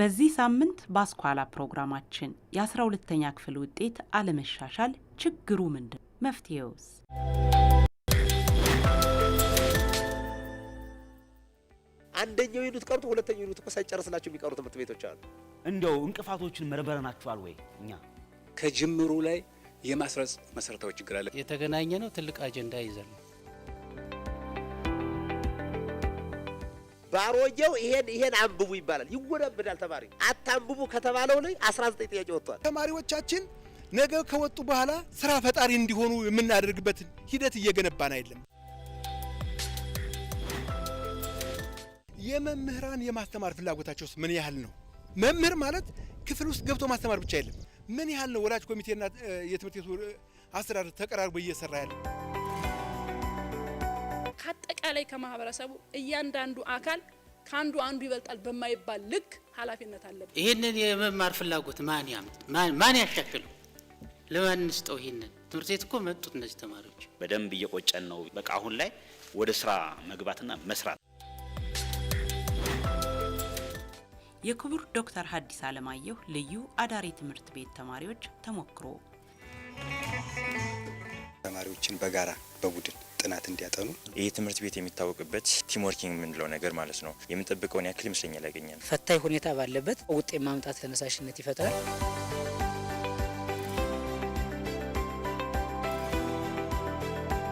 በዚህ ሳምንት በአስኳላ ፕሮግራማችን የአስራ ሁለተኛ ክፍል ውጤት አለመሻሻል ችግሩ ምንድን ነው? መፍትሄውስ? አንደኛው ዩኒት ቀርቶ ሁለተኛው ዩኒት እኮ ሳይጨርስላቸው የሚቀሩ ትምህርት ቤቶች አሉ። እንደው እንቅፋቶችን መርምረናቸዋል ወይ? እኛ ከጅምሩ ላይ የማስረጽ መሰረታዊ ችግር አለ። የተገናኘ ነው ትልቅ አጀንዳ ይዘን ነው ባሮጌው ይሄን ይሄን አንብቡ ይባላል፣ ይወናበዳል ተማሪ። አታንብቡ ከተባለው ላይ 19 ጥያቄ ወጥቷል። ተማሪዎቻችን ነገ ከወጡ በኋላ ስራ ፈጣሪ እንዲሆኑ የምናደርግበትን ሂደት እየገነባን አይደለም። የመምህራን የማስተማር ፍላጎታቸውስ ምን ያህል ነው? መምህር ማለት ክፍል ውስጥ ገብቶ ማስተማር ብቻ አይደለም። ምን ያህል ነው ወላጅ ኮሚቴና የትምህርት ቤቱ አስተዳደር ተቀራርቦ እየሰራ ያለው? አጠቃላይ ከማህበረሰቡ እያንዳንዱ አካል ከአንዱ አንዱ ይበልጣል በማይባል ልክ ኃላፊነት አለብን። ይህንን የመማር ፍላጎት ማን ያምጥ? ማን ያሻሽለው? ለማን እንስጠው? ይህንን ትምህርት ቤት እኮ መጡት እነዚህ ተማሪዎች በደንብ እየቆጨን ነው። በቃ አሁን ላይ ወደ ስራ መግባትና መስራት የክቡር ዶክተር ሀዲስ አለማየሁ ልዩ አዳሪ ትምህርት ቤት ተማሪዎች ተሞክሮ ተማሪዎችን በጋራ በቡድን ጥናት እንዲያጠኑ ይህ ትምህርት ቤት የሚታወቅበት ቲምወርኪንግ የምንለው ነገር ማለት ነው። የምንጠብቀውን ያክል ይመስለኛል ያገኛል። ፈታኝ ሁኔታ ባለበት ውጤት ማምጣት ተነሳሽነት ይፈጥራል።